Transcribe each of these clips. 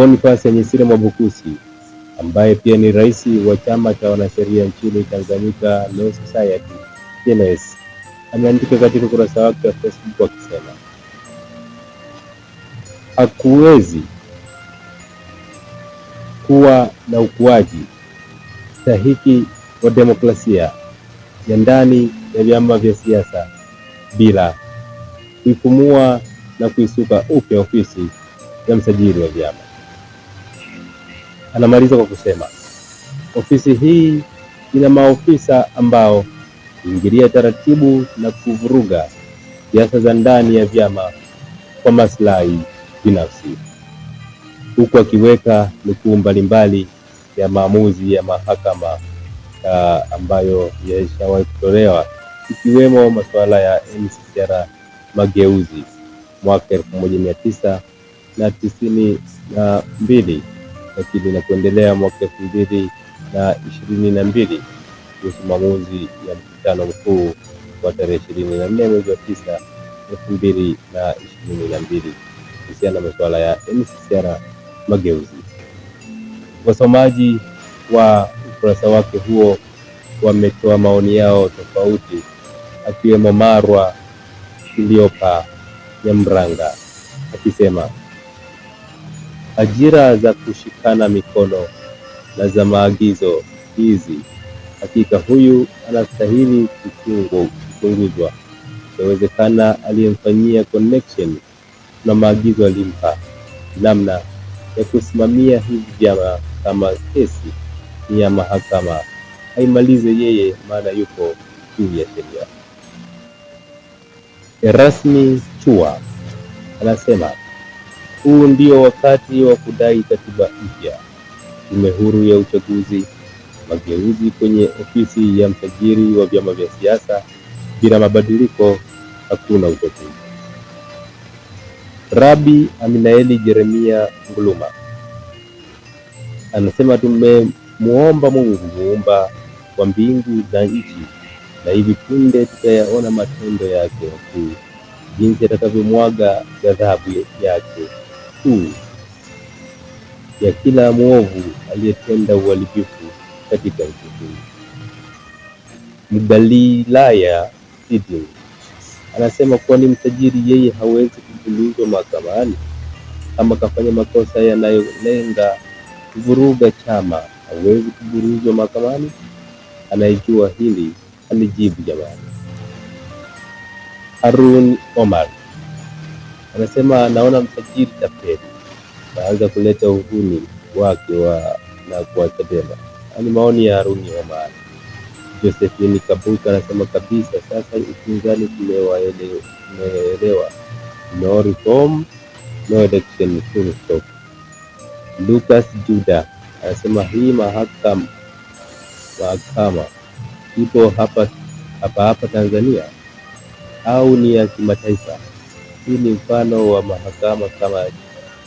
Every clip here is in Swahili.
Boniface Mjesire Mwabukusi ambaye pia ni rais wa chama cha wanasheria nchini Tanganyika Law Society TLS ameandika katika ukurasa wake wa Facebook akisema hakuwezi kuwa na ukuaji stahiki wa demokrasia ya ndani ya vyama vya siasa bila kuifumua na kuisuka upya ofisi ya msajili wa vyama. Anamaliza kwa kusema ofisi hii ina maofisa ambao huingilia taratibu na kuvuruga siasa za ndani ya vyama kwa maslahi binafsi, huku akiweka nukuu mbalimbali ya maamuzi ya mahakama uh, ambayo yashawahi kutolewa ikiwemo masuala ya MCCR mageuzi mwaka elfu moja mia tisa na tisini na mbili lakini na kuendelea mwaka elfu mbili na ishirini na mbili kuhusu maamuzi ya mkutano mkuu wa tarehe ishirini na nne mwezi wa tisa elfu mbili na ishirini na mbili kuhusiana na masuala ya NCCR Mageuzi. Wasomaji wa ukurasa wake huo wametoa maoni yao tofauti, akiwemo Marwa Kiliopa Nyamranga akisema Ajira za kushikana mikono na za maagizo hizi, hakika huyu anastahili kuchunguzwa. Inawezekana aliyemfanyia connection na maagizo alimpa namna ya kusimamia hivi vyama, kama kesi ni ya mahakama aimalize yeye, maana yuko juu ya sheria. Erasmi Chua anasema huu ndio wakati wa kudai katiba mpya, tume huru ya uchaguzi, mageuzi kwenye ofisi ya msajili wa vyama vya siasa. Bila mabadiliko hakuna uchaguzi. Rabi Aminaeli Jeremia Nguluma anasema tumemwomba Mungu muumba wa mbingu na nchi, na hivi punde tutayaona matendo yake makuu, jinsi atakavyomwaga ghadhabu yake kuu ya kila mwovu aliyetenda uharibifu katika nchi hii. Mgalilaya Sidin anasema kuwa ni mtajiri yeye hawezi kuulizwa mahakamani kama kafanya makosa yanayolenga kuvuruga chama, hawezi kuburuzwa mahakamani. Anayejua hili alijibu, jamani. Harun Omar Anasema naona msajili tapeli naanza kuleta uhuni wake wa na kwa Chadema. Ni maoni ya Haruni wa Mara. Josephine Kabuka anasema kabisa, sasa upinzani tumewaelewa, no reform no election, full stop. Lucas Juda anasema hii mahakama mahakama ipo hapa hapa hapa Tanzania au ni ya kimataifa? Hii ni mfano wa mahakama kama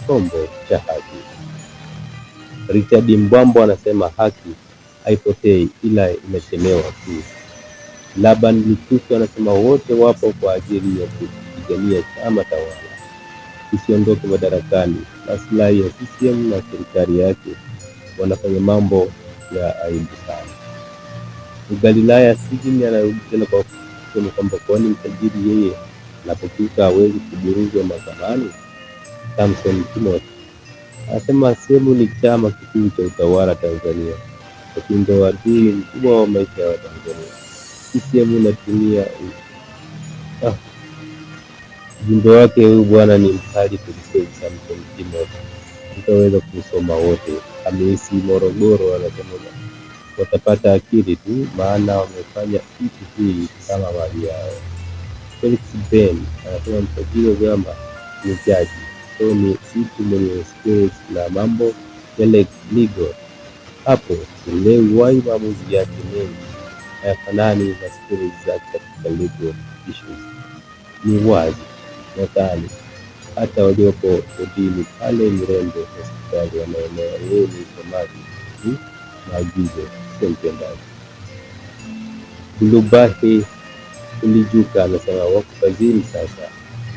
chombo cha haki. Richard Mbwambo anasema haki haipotei ila imesemewa tu. Laban Lukusu anasema wote wapo kwa ajili ya kupigania chama tawala kisiondoke madarakani. Maslahi ya CCM na serikali yake wanafanya mambo ya aibu sana. Galilaya Sijini anarudi tena kwa kusema kwamba kwani mtajiri yeye anapopika hawezi kuburuzwa mahakamani? Samson Timothy anasema sehemu ni chama kikuu cha utawala Tanzania, lakini adui mkubwa wa maisha ya Tanzania. CCM inatumia ah, ujumbe wake huyu bwana ni mkali kwelikweli. Samson Timothy tutaweza kusoma wote. Hamisi Morogoro anasema watapata akili tu, maana wamefanya nchi hii kama mali yao. Felix Ben anasema msajili Ogamba ni jaji, so ni mtu mwenye skills na mambo ya legal. Hapo uliwahi maamuzi yake mengi hayafanani na skili zake katika legal issues. Ni wazi nadhani hata waliopo kodini pale mrembo hospitali wanaelewa yeye ni msomaji tu maagizo, sio mtendaji. Lubahi Ulijuka anasema wako kazini sasa,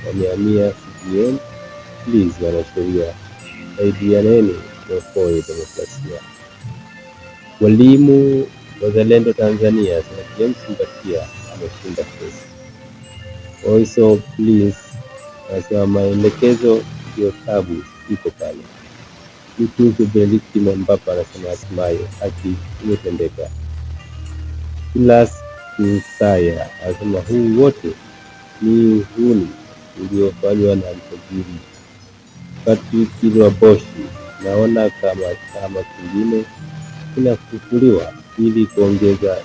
wamehamia CCM. Please wanasheria, saidianeni tuokoe demokrasia. Walimu Wazalendo Tanzania asema James Mbatia ameshinda kesi. Also please anasema maelekezo sio tabu, iko pale. Mtunzo Benedikti Mwambapa anasema hatimaye haki imetendeka. Plus isaya anasema huu wote ni uhuni uliofanywa na mtajiri kilwa boshi naona kama chama kingine kinafufuliwa ili kuongeza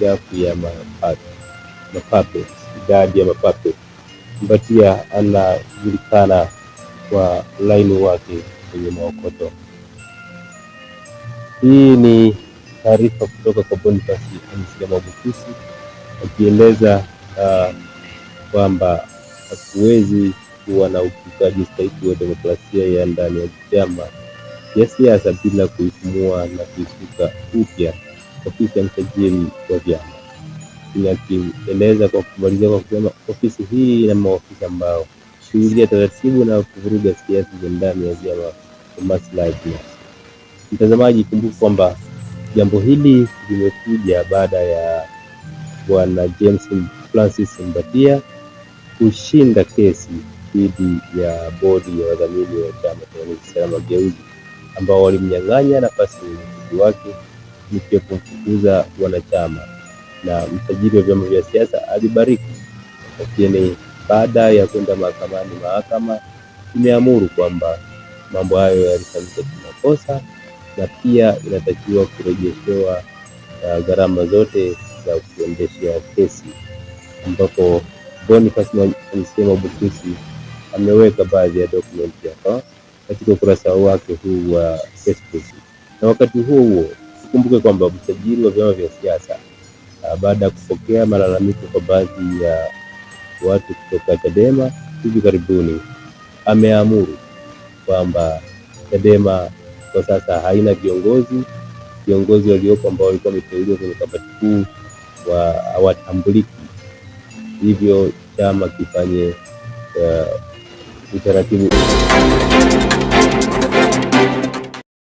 gafu ya mapape, idadi ya mapape. Mbatia anajulikana kwa laini wake kwenye maokoto. Hii ni taarifa kutoka kwa Bonifasi Msigaba Busisi akieleza uh, kwamba hakuwezi kuwa na ukiukaji stahiki wa demokrasia ya ndani ya vyama ya siasa bila kuifumua na kuisuka upya ofisi ya msajili wa vyama. Inakieleza kwa kumalizia kwa kusema ofisi hii ina maofisa ambao shughulia taratibu na kuvuruga siasa za ndani ya vyama kwa maslahi binafsi. Mtazamaji, kumbuka kwamba Jambo hili limekuja baada ya Bwana James Francis Mbatia kushinda kesi dhidi ya bodi ya wadhamini wa Chama cha Wananchi Mageuzi, ambao walimnyang'anya nafasi ya mwenyekiti wake, nikiwa kumfukuza wanachama na msajili wa vyama vya siasa alibariki. Lakini baada ya kwenda mahakamani, mahakama imeamuru kwamba mambo hayo yalifanyika kimakosa na pia inatakiwa kurejeshewa uh, gharama zote za kuendeshea kesi, ambapo Boniface Msema Bukusi ameweka baadhi ya dokumenti hapa katika ukurasa wake huu wa Facebook. Na wakati huo huo tukumbuke kwamba msajili wa vyama vya siasa uh, baada ya kupokea malalamiko kwa baadhi ya watu kutoka Chadema hivi karibuni, ameamuru kwamba Chadema kwa sasa haina viongozi. Viongozi waliopo ambao walikuwa wameteuliwa kwenye kamati kuu hawatambuliki, hivyo chama kifanye uh, utaratibu